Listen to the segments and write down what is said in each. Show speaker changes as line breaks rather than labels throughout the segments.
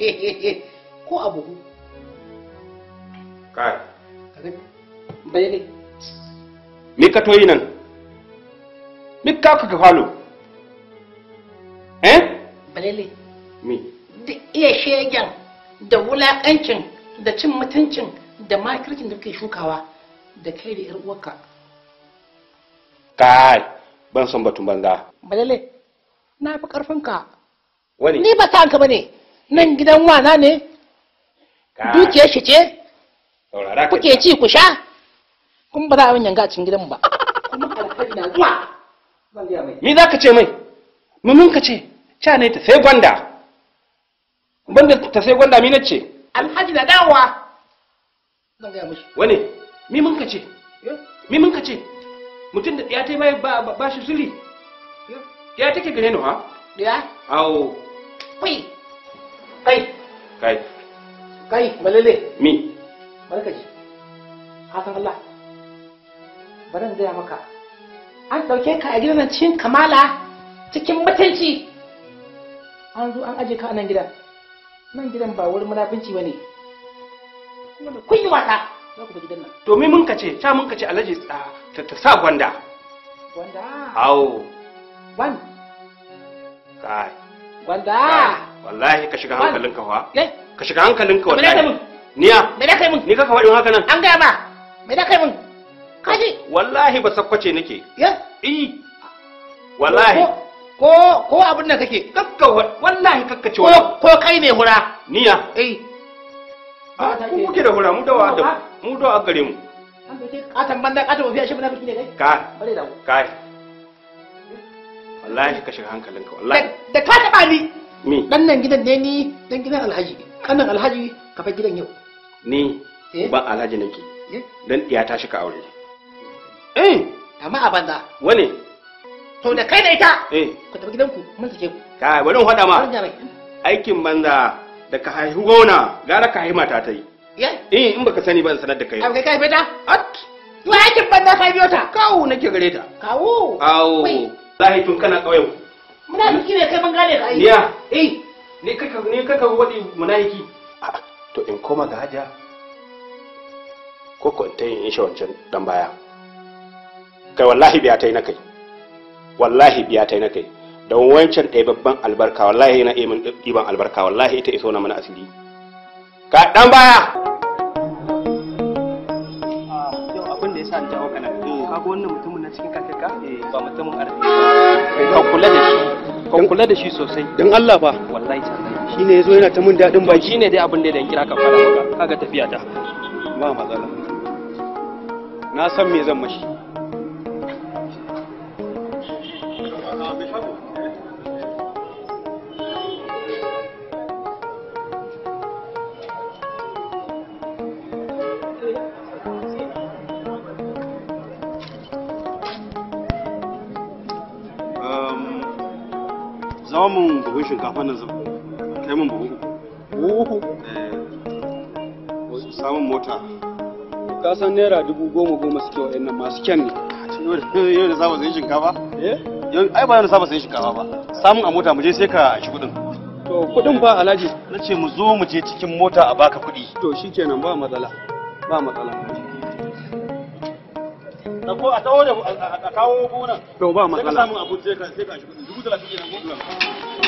ko a buhu
kai bayani me ka toyi nan me ka ka falo eh balele me
da iya shegen da wulakancin da cin mutuncin da makirkin da kake shukawa da kai da 'yar uwarka
kai ban son batun banza
balele na fi karfinka wani ni ba ta ka bane nan gidan wana ne
dukiyar shi ce kuke ci
ku sha kun ba za a yanga a cikin
ba mi me za ka ce mai mumin ka ce cha ne ta sai gwanda banda ta sai gwanda mi na ce
alhaji na dawa zan
mi mun ka ce eh? mun ka ce mutum da ya ta yi ba shi zuli eh? ya take gane ni ha ya awo kwai kai kai
kai malele mi barkaci ka san Allah barin gaya maka an dauke ka a gidan cikin kamala cikin mutunci an zo an aje ka a nan gidan nan gidan ba wurin munafunci ba ne kuma da kun yi wata za ku gidan nan domin mun kace ta mun kace alhaji ta
ta sa gwanda gwanda awo gwan kai gwanda wallahi ka shiga hankalin ka fa ka shiga hankalin ka wallahi niya me da kai mun ni ka faɗin haka nan
an ga ba me da kai mun kaji
wallahi ba sakkwace nake
eh eh wallahi ko ko abin da kake kakka wallahi kakka ce ko kai ne hura niya eh
a ku kuke da hura mu da da mu da a gare mu
katan banda katan mafiya shi munafiki ne kai
ka bare da kai wallahi ka shiga hankalinka wallahi
da ka taba ni me dan nan gidan ne ni dan gidan alhaji kanan alhaji ka fa gidan
yau ni eh? ba alhaji nake eh? dan iya ta shika aure
eh amma a banza wane to da kai da ita
eh ku tafi ku mun sake ku kai bari in faɗa ma aikin banza da ka haihu gona gara ka haihu mata ta yi eh in baka sani ba sanar da kai
kai kai beta at to aikin banza ka biyo ta kawo nake gare ta kawo awo
wallahi tun kana kauyen
muna biki ne kai ban gane da ai ya eh
ni kaka ni kaka wadi munafiki to in koma ga haja ko ko in tayin in wancan dan baya kai wallahi biya ta yi na kai wallahi biya ta yi na kai da wancan ɗaya babban albarka wallahi na iya yana ɗiban albarka wallahi ita iso na mana asiri ka ɗan
baya
kaga wannan mutumin na cikin kakaka eh, ba mutumin arziki ba. kula da shi ka kula da shi sosai don Allah fa wallahi shi ne yazo yana ta mun dadin baki ne dai abin da dan kira ka fara maka kaga tafiya ta ba matsala na san me zan mashi buhun shinkafa na zama kai mun buhu
buhu
eh samun mota ka san naira dubu goma goma suke wa'in nan masu kyan ne yau da saba sai shinkafa eh ai ba yau da saba shinkafa ba samun a mota mu je sai ka shi kuɗin to kuɗin ba alaji. na ce mu zo mu je cikin mota a baka kuɗi to shikenan ba matsala ba matsala ko a tawo da a kawo gonan to ba matsala sai ka samu abun sai ka sai ka shi dubu talatin kenan gonan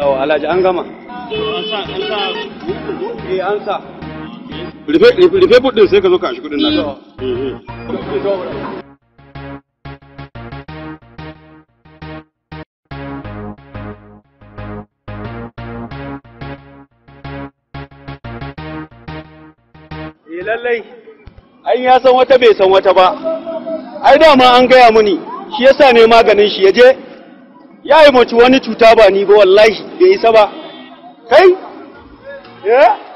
Awo Alhaji an gama.
An sa an sa. Eh an
sa. Rufe rufe buɗin sai ka zo kashi shi kuɗin nan. Eh, eh lallai an ya san wata bai san wata ba ai dama an gaya muni shi yasa ne maganin shi ya je. ya yi mace wani cuta ba ni ba wallahi bai isa ba kai
eh?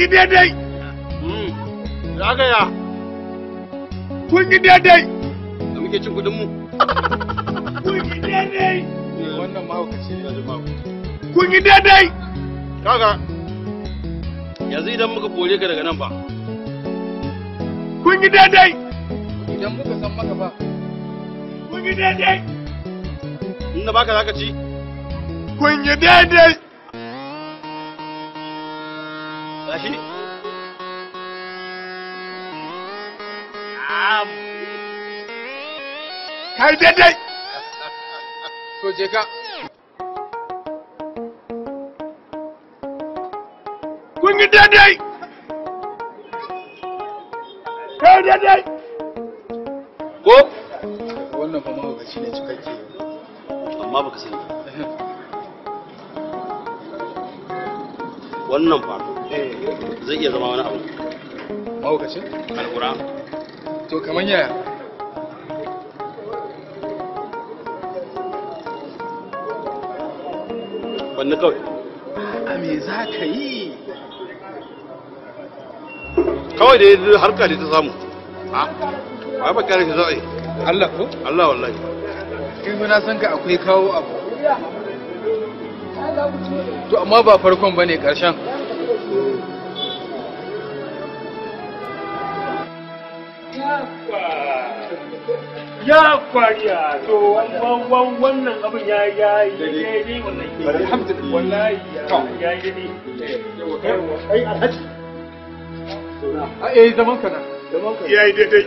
kun yi daidai ya.
kun yi daidai da muke cin kudinmu.
kun yi daidai eh,
wannan mahaukaci ya ji
kun yi daidai kaga
yanzu idan muka kore ka daga nan ba kun yi daidai idan muka san maka ba kun yi daidai inda baka zaka ci kun yi daidai
gashi kai daidai to je ka
kun yi daidai kai daidai ko wannan fa mahaukaci ne cikakke amma baka sani wannan fa Eh, zai iya zama wani abu mahaukacin alƙura to kamar yaya wani kawai
a me za ka yi
kawai da ya harka da ta samu ha ba ba kyanar ki za a yi Allah ko? Allah
wallahi kai na san ka akwai kawo abu to amma ba farkon bane karshen
ya kwariya to wannan abin ya ya daidai wannan ke wallahi eh, ya yi daidai ai alhaji eh zaman ya yi daidai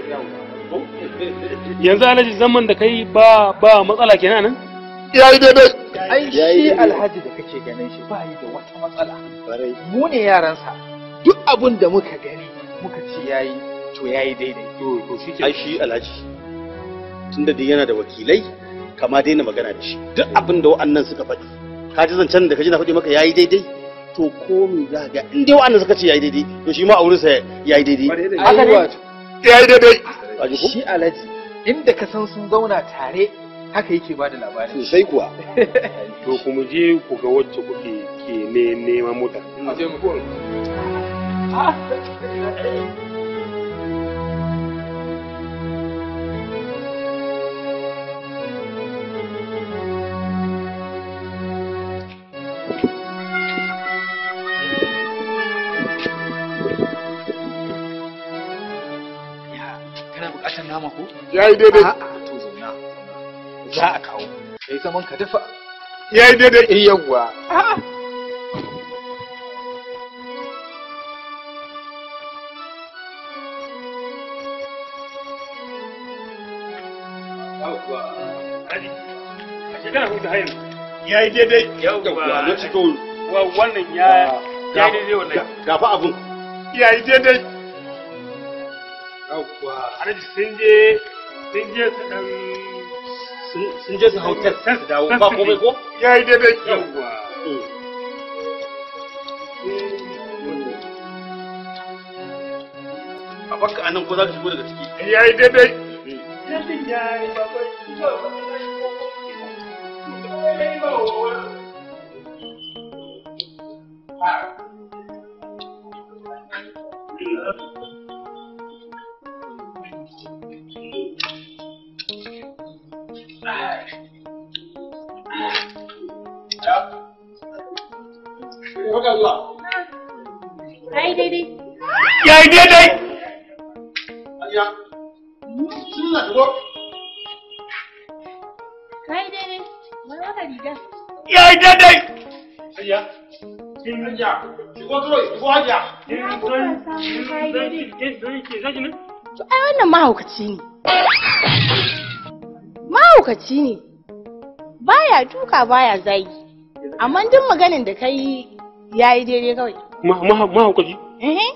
yanzu alhaji zaman da kai ba ba matsala kenan nan ya yi daidai
ai shi alhaji da kake ganin shi ba yi da wata matsala mu ne yaransa duk abin da muka gani
muka ce yayi to yayi daidai to ya shi ai shi alhaji tunda dai yana da wakilai kama daina magana da shi duk abin da wa'annan suka faɗi ka ji zancen da ka ji na faɗi maka yayi daidai to ko mu za ga in dai wa'annan suka ce yayi daidai to shi ma wurin sa yayi daidai haka ne yayi daidai shi alaji inda ka san sun zauna tare haka yake bada labarin sai kuwa to ku mu je ku ga wacce kuke ke neman mota
a je mu
yayi daidai to zauna za a kawo kai zaman ka dafa daidai eh yawwa
yayi daidai yawwa wannan ya wannan gafa abun yayi daidai yawwa alhaji sun je sun je su dan sun
ko
kai daidai kai daidai mara ka riga
daidai ayya kin hanya ki ya ki hanya kin
don mahaukaci ne baya duka baya zagi amma duk maganin da kai yayi daidai kawai eh, eh.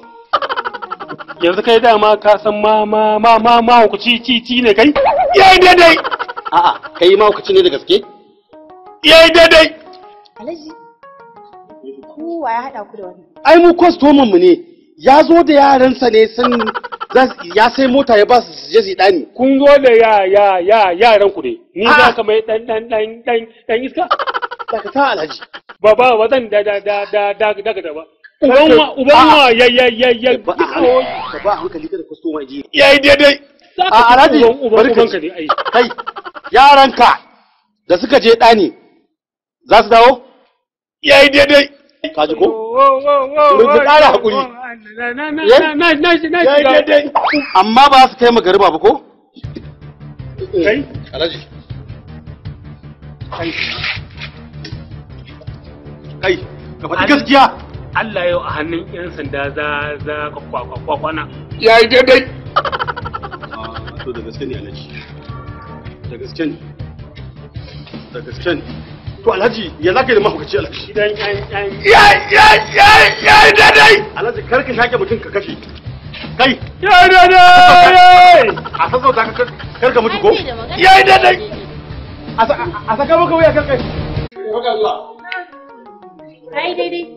yanzu kai dama ka san ma ma ma ma ma hukuci ci ci ne kai yayi daidai a'a kai ma hukuci ne da gaske yayi daidai alhaji
ku wa ya hada ku da wannan
ai mu customer mu ne ya zo da yaransa ne sun ya sai mota ya ba su je su dani kun zo da ya ya ya yaran ku ne ni za ka mai dan dan dan dan iska ba ka ta alhaji ba ba zan da da da da da da ba ba kwastoma ji yaranka da suka je ɗani za su dawo yayi daidai ka ji ko rubu ƙara haƙuri amma ba su kai magariba ba ko kai kai ka faɗi gaskiya Allah yau a hannun 'yan sanda za za kwakwana. Ya yi daidai. Ah, to da gaske ne Alhaji. Da gaske ne. Da gaske ne. To Alhaji ya zaka yi mahaukaci Alhaji. Idan
ƴan Ya
ya ya ya yi Alhaji kar ka shaƙe mutum ka kashe. Kai. Ya yi daidai. A ta ka kar ka mutu ko? Ya yi daidai. A saka maka wuya kar kai. Kaga Ai daidai.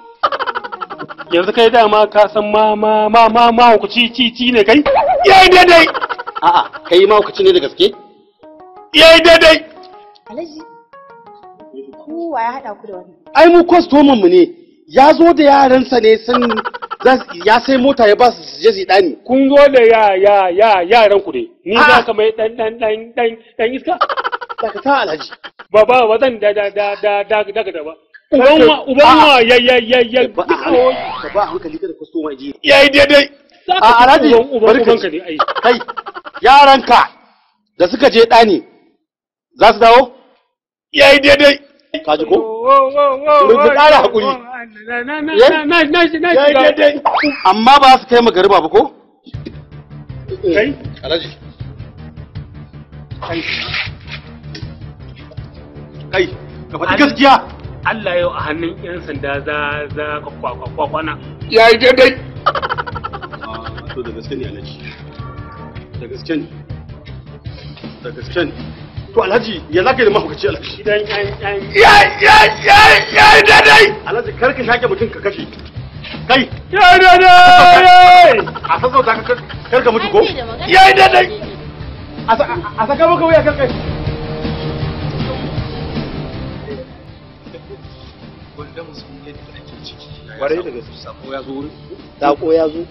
yanzu kai dama ka san ma ma ma ma ma ku ci ci ci ne kai yayi daidai a'a kai ma ku ci ne da gaske yayi daidai
alhaji ku wa ya hada ku da wannan
ai mu customer mu ne ya zo da yaransa ne sun ya sai mota ya ba su je su dani kun zo da ya ya ya yaran ku ne ni za ka mai dan dan dan dan iska ka ta alhaji ba ba ba zan da da da da da da ba uban wa ya ya ya ya a ba kai ji a kai yaranka da suka je ɗani za su dawo yayi daidai ka ji ko
mun ƙara hakuri yayi daidai
amma ba su kai magariba ba ko kai alhaji kai kai ka faɗi gaskiya Allah yau a hannun 'yan sanda za za kwakwakwana. Ya yi daidai. To da gaske ne Alhaji. Da gaske ne. Da gaske ne. To Alhaji ya zaka yi da mahaukaci Alhaji.
Idan Ya ya
ya ya yi Alhaji kar ka shaƙe mutum ka kashe. Kai. Ya yi dai. A sassauta ka kar ka mutu ko? Ya yi dai.
A saka maka wuya kar kai. da mu
san yadda ake ciki kwarai da gaske sako ya zo wurin sako ya zo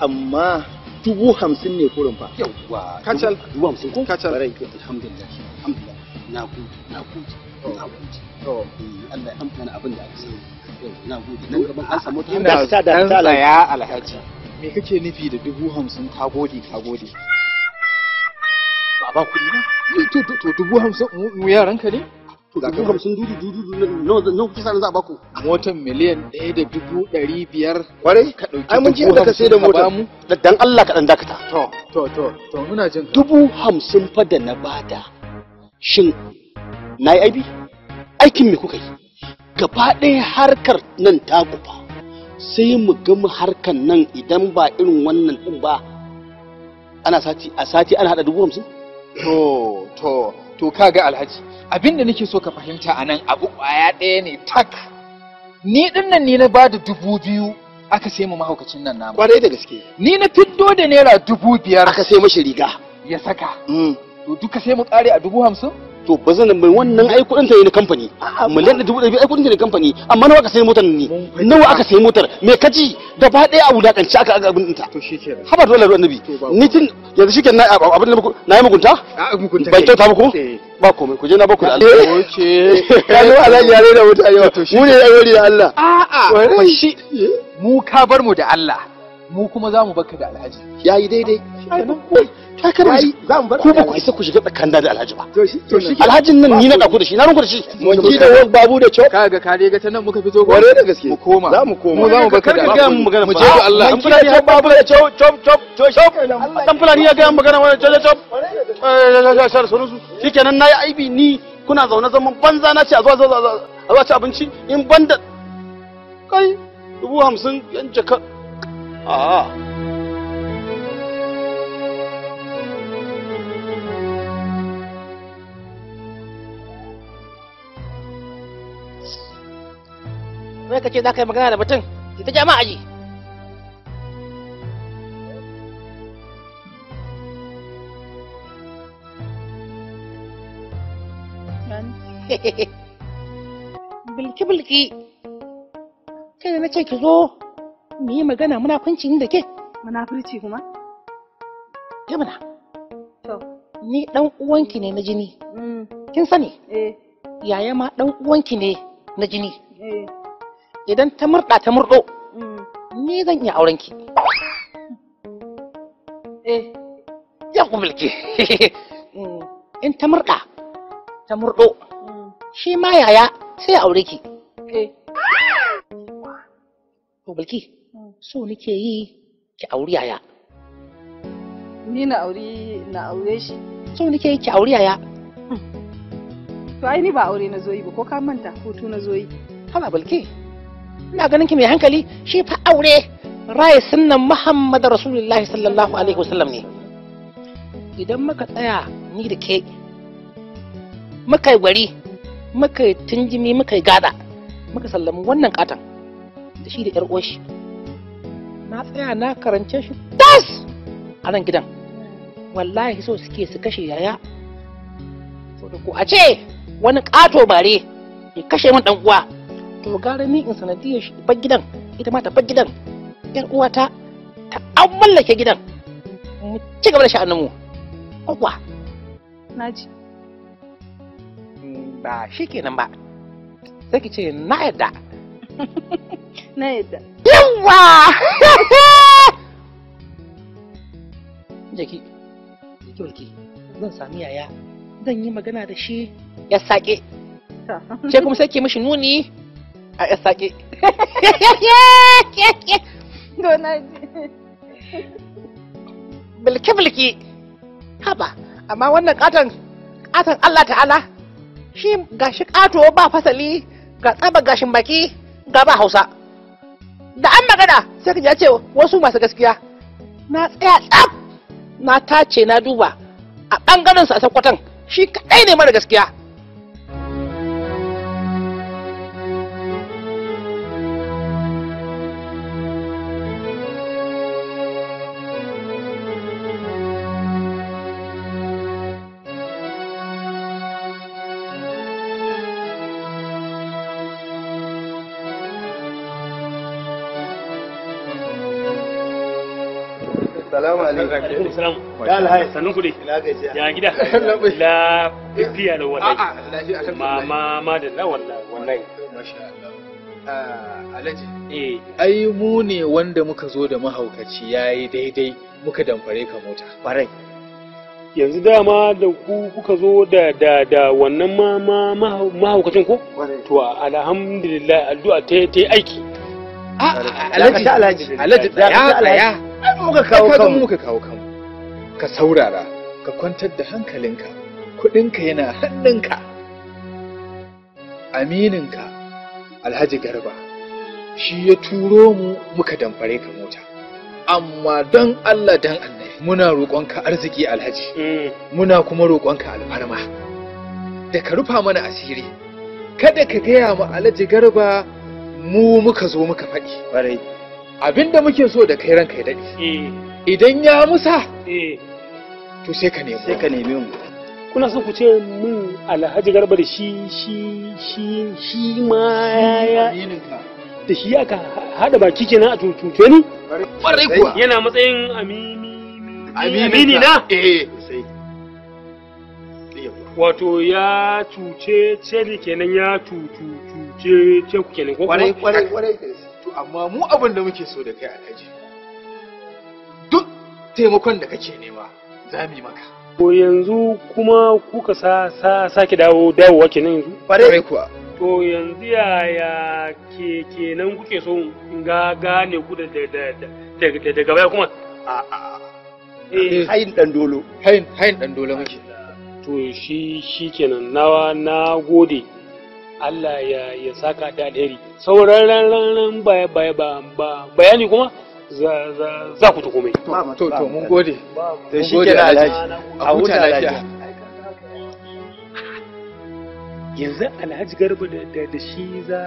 amma dubu hamsin ne kurin fa yawwa kacal dubu hamsin ko kacal kwarai alhamdulillah alhamdulillah na gode na gode oh. na gode eh, Allah ya amfana abin da aka samu na gode nan gaban an samu ta da ta da ta ya
alhaji me kake nufi da dubu hamsin ka gode ka gode ba ba kuɗi ne eh, to dubu hamsin mu yaranka ne ga dubu hamsin dudu dudu nawa kisa na za a baku. motan miliyan ɗaya da dubu ɗari biyar. kwarai ai mun ce da ka sai da motan dan
Allah ka ɗan dakata. to to to to muna jin dubu hamsin fa da na bada shin na yi aibi aikin me kuka yi gaba ɗaya harkar nan ta gufa sai mu gama harkar nan idan ba irin wannan ɗin ba ana sati a sati ana haɗa dubu hamsin. to to
to kaga alhaji Abinda nake so ka fahimta anan abu kwaya ɗaya ne tak ni din nan ni na ba dubu biyu aka sai mu mahaukacin nan namu kwarai da gaske ni na fiddo da naira dubu biyar aka sai mashi riga ya saka mm. to duka sai mu kare a dubu hamsin
to ba zan mai wannan ai kudin ta ne kamfani miliyan da dubu ai kudin ta ne kamfani amma nawa aka sayi motar ne nawa aka sayi motar me kaji ba ɗaya a wulakanci aka aka abin ta to shikenan haba dole ruwan nabi ni tun yanzu shikenan na abin da na yi mugunta ban kyauta muku eh. ba komai ku je na baku da Allah
oke ya zo Allah ya rena mutane
to shi mu ne ya yori da Allah
a'a shi eh. mu ka bar mu da Allah mu kuma za mu baka da alhaji yayi daidai ku ba ku
isa ku shiga tsakanin da alhaji ba
alhajin nan ni na ɗauko da shi na rungu da shi mun munki da wani babu da cewa kaga ka dai ta nan muka fito gore
da
gaske mu koma za mu
koma za mu baka da ga mu magana mu je ga Allah an fulani ya babu da cewa chop chop
chop
dan fulani ya ga mu magana wani chop
chop eh, shar sunu su shikenan nayi aibi ni kuna zaune zaman banza na ce a zo zo a zo ci abinci in banda kai dubu hamsin yan jaka a'a
kuma ka ce za ka yi magana da mutum ki ta jama'a aji bilki bilki kai na ce ki zo mu yi magana munafunci da ke munafurci kuma ke muna to ni dan uwanki ne na jini mm. kin sani eh yaya ma dan uwanki ne na jini eh idan ta murɗa ta murɗo mm. ni zan yi auren ki eh ya kumulki mm. in ta murɗa ta murɗo mm. shi ma yaya sai aure ki eh to bulki so nake yi ki auri yaya ni na auri na aure shi so nake yi ki auri yaya to ai ni ba aure na zo yi ba ko ka manta hutu na zo yi haba bulki ina ganin ki mai hankali shi fa aure raye sunnan Muhammad Rasulullahi sallallahu alaihi wasallam ne idan muka tsaya ni da ke muka yi gwari muka yi tunjimi muka yi gada muka sallami wannan katon da shi da yar uwashi na tsaya na karance shi tas a nan gidan wallahi so suke su kashe yaya to da ku a ce wani kato bare ya kashe min dan uwa to gara ni in sanadiyar shi bar gidan ita ma ta bar gidan yar uwata ta an mallake gidan mu ci gaba da sha'anin mu kwakwa naji mm, ba shi kenan ba sai ki ce na yadda na yadda yawa jaki jaki zan sami yaya zan yi magana da shi ya sake sai kuma sai ke mishi nuni a ya bilki-bilki haba amma wannan katon katon Allah ta'ala shi gashi kato ba fasali ga tsaba gashin baki ga ba hausa da an magana sai ya ce wasu masu gaskiya na tsaya tsaf na tace na duba a ɓangaren sa a sakwatan shi kaɗai ne mara gaskiya
Assalamu alaikum. kuɗi. Ya gida. La fiya da Ma da la ah, eh.
mu ne wanda muka zo da mahaukaci yi daidai
muka damfare ka mota. Yanzu dama da ku kuka zo da da da wannan ma ma mahaukacin ko? To alhamdulillah addu'a ta yi aiki.
Ah, alhaji alhaji alhaji ya muka kawo kanmu muka
kawo kanmu ka saurara ka kwantar da hankalinka kuɗinka yana hannunka amininka alhaji garba shi ya turo mu muka damfare ka mota amma don allah don annabi muna roƙonka arziki alhaji mm. muna kuma roƙonka alfarma da ka rufa mana asiri kada ka gaya mu alhaji garba mu muka zo muka faɗi abinda muke so da kai ranka ya daɗe eh. idan
ya musa eh. to sai ka nemi sai ka nemi mu kuna so ku ce mun alhaji garba da shi shi shi shi ma ya da shi aka hada baki kenan a tutuce ni kwarai kuwa yana matsayin amini amini na eh sai wato ya cuce ce kenan ya tutuce ce kenan ko kwarai kwarai kwarai amma
mu abin da muke so da kai alhaji
duk taimakon da kake nema za mu yi maka to yanzu kuma kuka sa sa sake dawo wake kenan yanzu bare kuwa to yanzu yaya ke kenan kuke so in ga gane ku da da daga baya kuma a eh. a hayin dan dolo hayin hayin dan dolo muke to shi shi kenan nawa na gode Allah ya saka da alheri sauran ran bayani kuma za ku tuko mai to to mun gode to shi ke alhaji a huta lafiya yanzu alhaji garba da shi za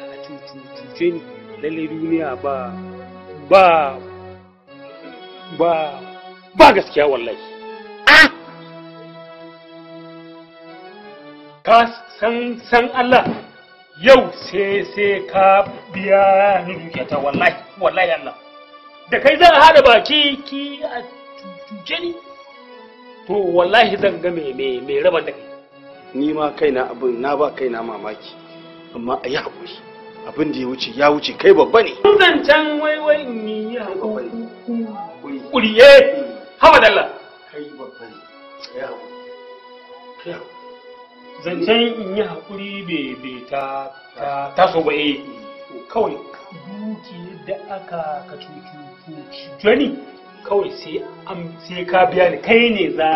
a cuce ni lalle duniya ba ba ba ba gaskiya wallahi ka san san Allah yau sai sai ka biya ni ta wallahi wallahi Allah
da kai zan hada baki
ki a tuje ni to wallahi zan ga me me me rabar da kai ni ma kaina abin na ba kaina mamaki amma a yi haƙuri abin da ya wuce ya wuce kai babba ne wai wai ni yi haƙuri ƙuriye hamadalla eh. kai babba ne kai haƙuri zancen in yi haƙuri bai ta taso ba eh kawai duki da aka ka cuci joni kawai sai ka biya ni kai ne za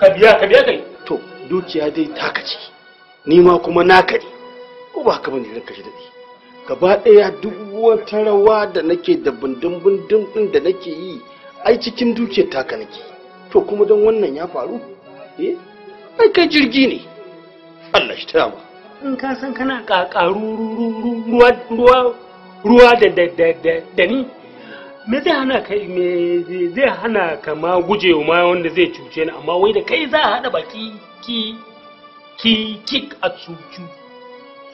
ka biya ka biya kai to dukiya dai taka ce ni ma kuma na ne ko ba ka bane ranka shi daɗi gaba ɗaya duk wata rawa da nake da bindin bindin da nake yi ai cikin dukiyar taka nake to kuma don wannan ya faru eh ai kai jirgi ne Allah shi taya in ka san kana kakaru ruwa ruwa ruwa da da da da ni me zai hana ka me zai hana ka ma gujewa ma wanda zai cuce ni amma wai da kai za a hada baki ki ki ki a
cucu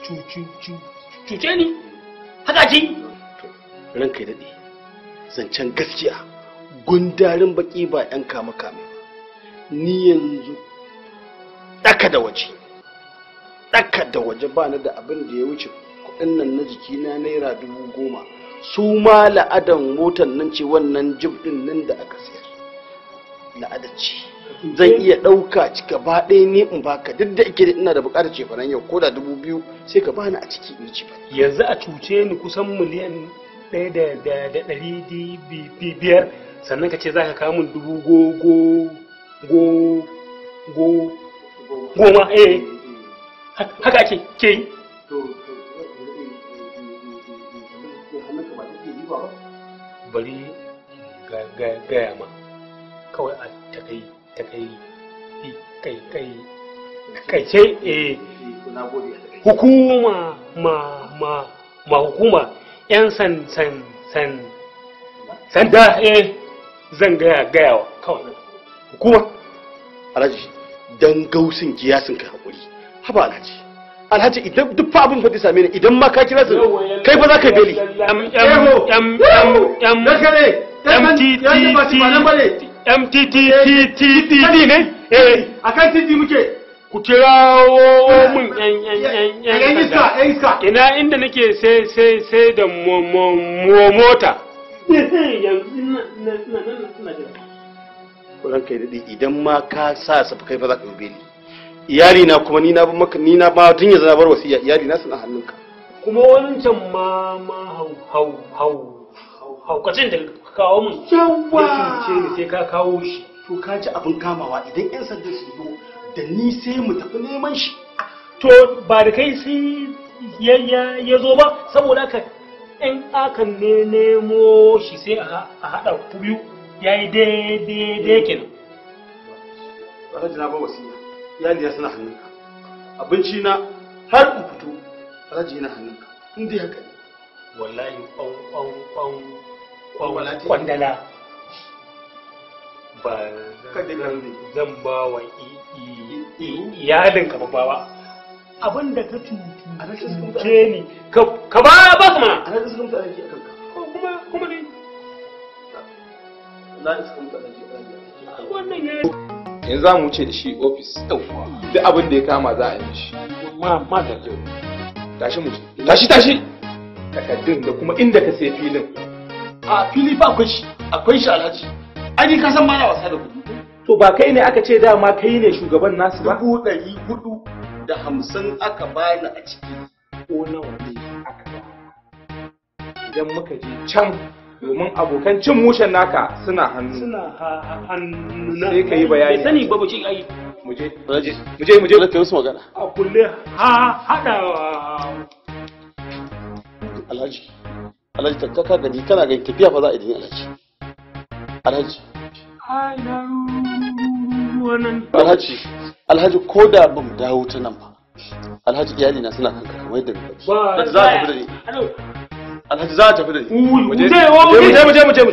cucu
cuce ni haka ji ranka ya dade zancen gaskiya gundarin baki ba 'yan kame kame ni yanzu ɗaka da waje ɗaka da waje ba na da abin da ya wuce kuɗin nan na jiki na naira dubu goma su ma la'adan motar nan ce wannan jib ɗin nan da aka sayar la'ada ce zan iya ɗauka ci gaba ɗaya ne in baka duk da ike ina da buƙatar ce fara yau ko da dubu biyu sai ka bani a ciki in ci yanzu a cuce ni kusan miliyan ɗaya da ɗari biyar sannan ka ce za ka kawo min dubu go go go go
goma eh
haka ake ke yi bari gaya ma kawai a takai takai kai kai kai ce eh
hukuma
ma ma ma hukuma yan san san san san da eh zan gaya gaya wa kawai hukuma alhaji dan gausin kai ka hakuri haba alhaji alhaji idan duk fa abin fa same idan ma ka kira su kai fa za ka beli mtttt ne eh akan titi muke ku kirawo mun yan yan yan ina inda nake sai sai sai da mota yanzu ina ina jira kuran kai daɗi idan ma ka sa safi kai ba za ka yi beli iyali na kuma ni na ba maka ni ba tun yanzu na bar wasiya iyali na suna hannunka kuma wancan ma ma hau hau hau haukacin da ka kawo mun yawa ce ni sai ka kawo shi to ka ji abin kamawa idan yan sanda su zo da ni sai mu tafi neman shi to ba da kai sai ya zo ba saboda ka in aka nemo shi sai a haɗa ku biyu ya yi daidai ke nan. Wata jina ba wasu iyali ya suna hannunka. Abinci na har ku fito, wata jina hannunka. In dai haka ne. Wallahi kwan kwan kwan kwan kwandala. Ba zan ba wa iyalinka babba ba. abin da ka tuce ni ka ba ba su mana a nan sun ta aiki a kanka kuma kuma ne na sun ta a kanka wannan ya yanzu za mu wuce da shi ofis yauwa duk abin da ya kama za a yi shi ma ma da kyau tashi mu tashi tashi takaddun da kuma inda ka sai filin a fili ba akwai shi akwai shi alhaji ai ka san ba na wasa da kuɗi to ba kai ne aka ce dama kai ne shugaban nasu ba dubu ɗari hudu da hamsin aka bani a ciki ko nawa ne aka ba idan muka je can domin abokan cin mushen naka suna hannu suna hannu na sai kai bayani bai sani babu mu ai mu je mu je mu je musu magana a kulle ha hada alhaji alhaji ka gani kana ga tafiya fa za a yi alhaji alhaji
ai na wannan alhaji
alhaji ko da ba mu dawo ta nan ba alhaji iyali na suna kanka kamar yadda ba za tafi da ni alhaji za a tafi da ni mu je mu je mu je mu ka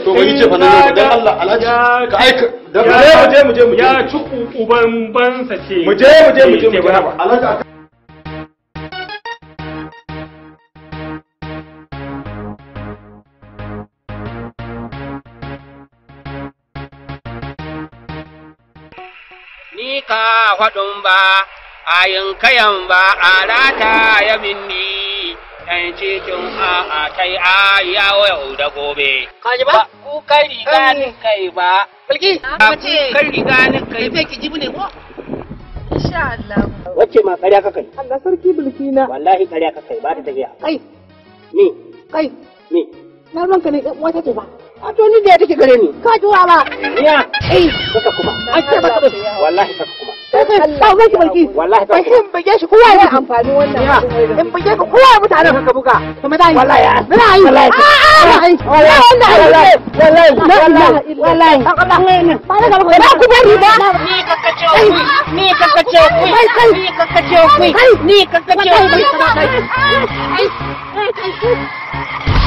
muje, muje. ya ci ka faɗin ba, a kayan ba a rata ya minni ɗan cikin a a kai a yawo yau da gobe.
Kaji ba? Ku kai riga ni kai ba. Bilki? A ku kai riga ni kai. Kai ki ne ko? Insha Allah. Wacce ma karya ka kai? Allah sarki bilki na. Wallahi karya ka kai ba ta tafiya. Kai. Ni. Kai. Ni. Na ranka ne ɗan uwa ce ba. a to ni da ya take gare ni ka ji wa ba ya eh saka kuma a ce baka ba wallahi saka kuma ba ya barki wallahi ba in bige shi kowa ya amfani wannan in bige ka kowa ya mutanen haka buga kuma dai wallahi wallahi wallahi wallahi wallahi wallahi wallahi ba da gaba ba ku bari ba ni kakace ku ni kakace ku ni kakace ku ni
kakace ku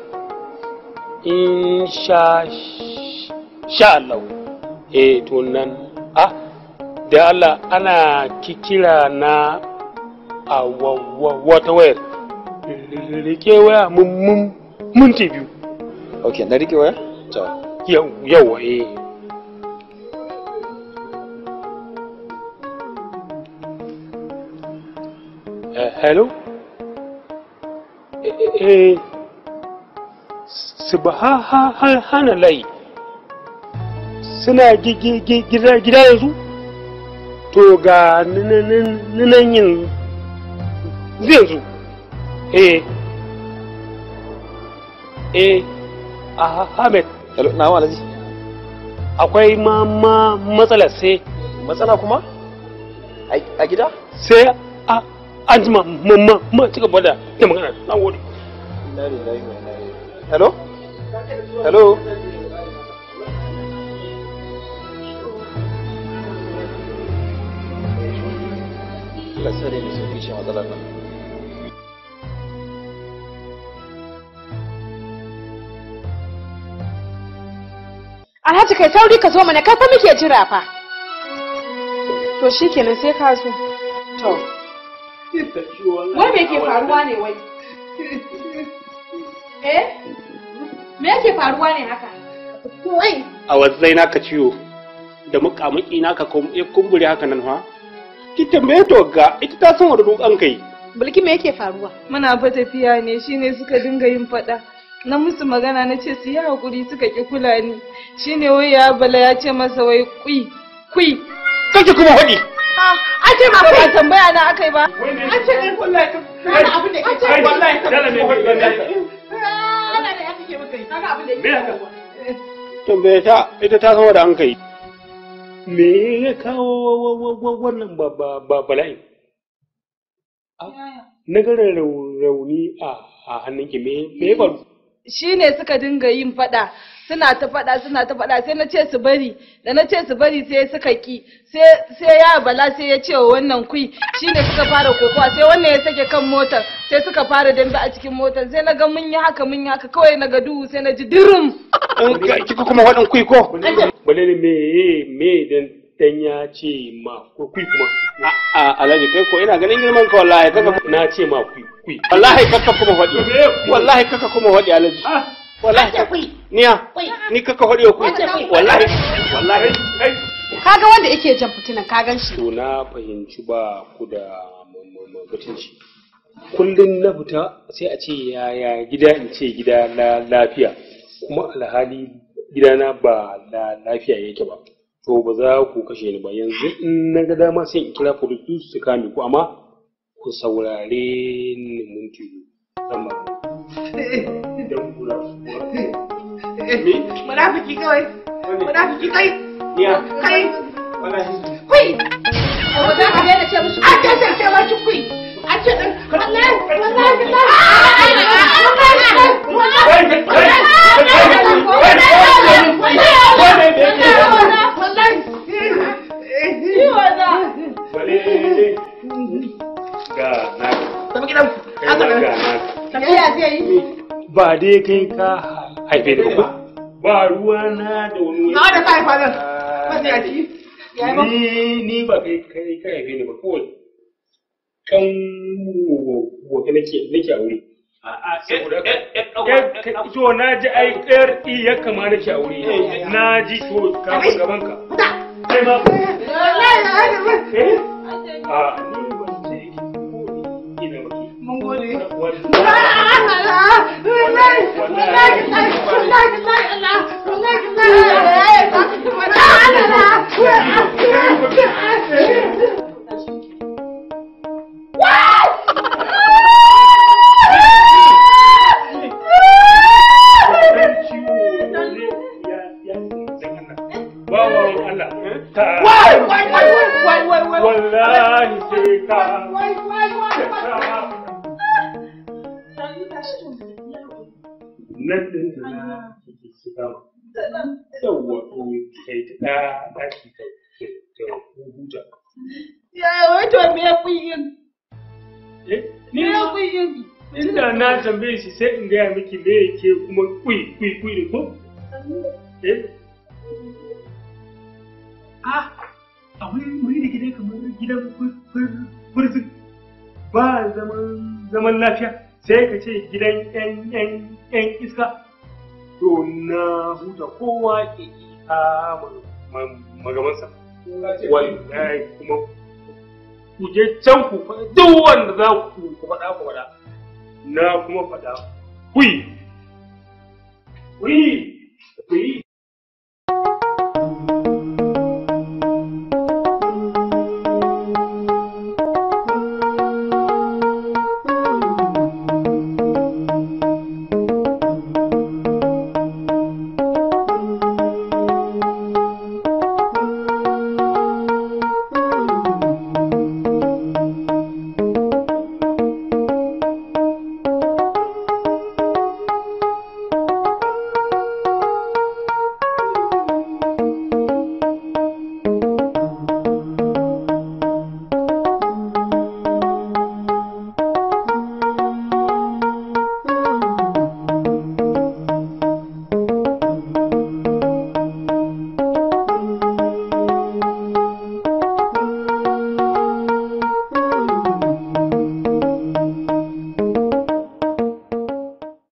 insha sha Allah eh to nan ah da Allah ana kikira na a wata wayar rike waya mun minti biyu ok na rike waya to yau, eh. eh hello eh, eh, eh hana layi suna gida yanzu to ga nan yin yanzu eh eh ahmed na walaji akwai ma ma matsala sai matsala kuma a gida sai a an ji ma ma ma cika bada da magana na gode hello
hello Allah tsare mu sun
fice
matsalar nan
Alhaji kai sauri ka zo mana kai fa muke jira fa To shi shikenan sai ka zo
To
Wai me ke faruwa
ne wai Eh
Me yake faruwa ne haka?
A wazzai ka ciwo da muƙamuƙi naka eh, kumburi haka nan ha? Ki tambaye ga ita ta san wani dukan kai.
Bulki me yake faruwa? Muna fa tafiya ne shine suka dinga yin faɗa. Na musu magana na ce su yi hakuri suka ki kula ni. Shine wai ya bala ya ce masa wai kui
kui. Kake kuma faɗi.
a ce ba kai tambaya na akai ba. a ce ɗan kullai. Wani abu da ke ce wallahi.
Tambaye ta ita ta san da an kai. Me ya kawo wannan ba bala'in? Na gara rauni a hannunki me ya faru?
Shi
ne suka dinga yin fada suna ta fada suna ta fada sai na ce su bari da na ce su bari sai suka ki sai ya bala sai ya ce wannan kui shine suka fara kokowa sai wannan ya sake kan motar sai suka fara dambe a cikin motar sai na ga mun yi haka mun yi haka kawai na ga duhu sai na ji
kuma wadan kui ko balele me me dan dan ya ce ma ko kuma a alhaji kai ko ina ganin girman ka wallahi kaka na ce ma kui kui wallahi kaka kuma faɗi wallahi kaka kuma faɗi alhaji ah. wallahi kaka niya ni kaka faɗi kui wallahi wallahi kaga wanda yake jan fitinan ka gan shi to na fahimci ba ku da mutunci kullum na fita sai a ce yaya gida in ce gida na lafiya kuma alhali gidana ba na lafiya yake ba to ba za ku kashe ni ba yanzu in na ga dama sai in kira police su kame ku amma ku saurare ni minti zan ba
munafiki kawai munafiki kai kai daina ce musu ba ki ce
wallahi ni wanda bale
ga na tafi gidan ce yi ba dai kai ka haife da ba ba ruwa na da wani na da kai fa nan ba ci ni ni ba kai kai ka haife ne ba kawai kan wo wo nake nake aure to na ji ai ƙarfi ya kama da shawuri na ji to kafin gaban ka
Allah Allah Allah Allah Allah Allah Allah Allah Allah
tambaye shi sai in gaya miki me yake kuma kui kui kui ne ko? Eh? Ah, a wuri da ka kamar gidan furzin ba zaman zaman lafiya sai ka ce gidan yan yan yan iska to na huta kowa ke ita magamansa. Wallahi kuma ku je can ku duk wanda za ku faɗa ku faɗa. na kuma faɗa kuyi kuyi kuyi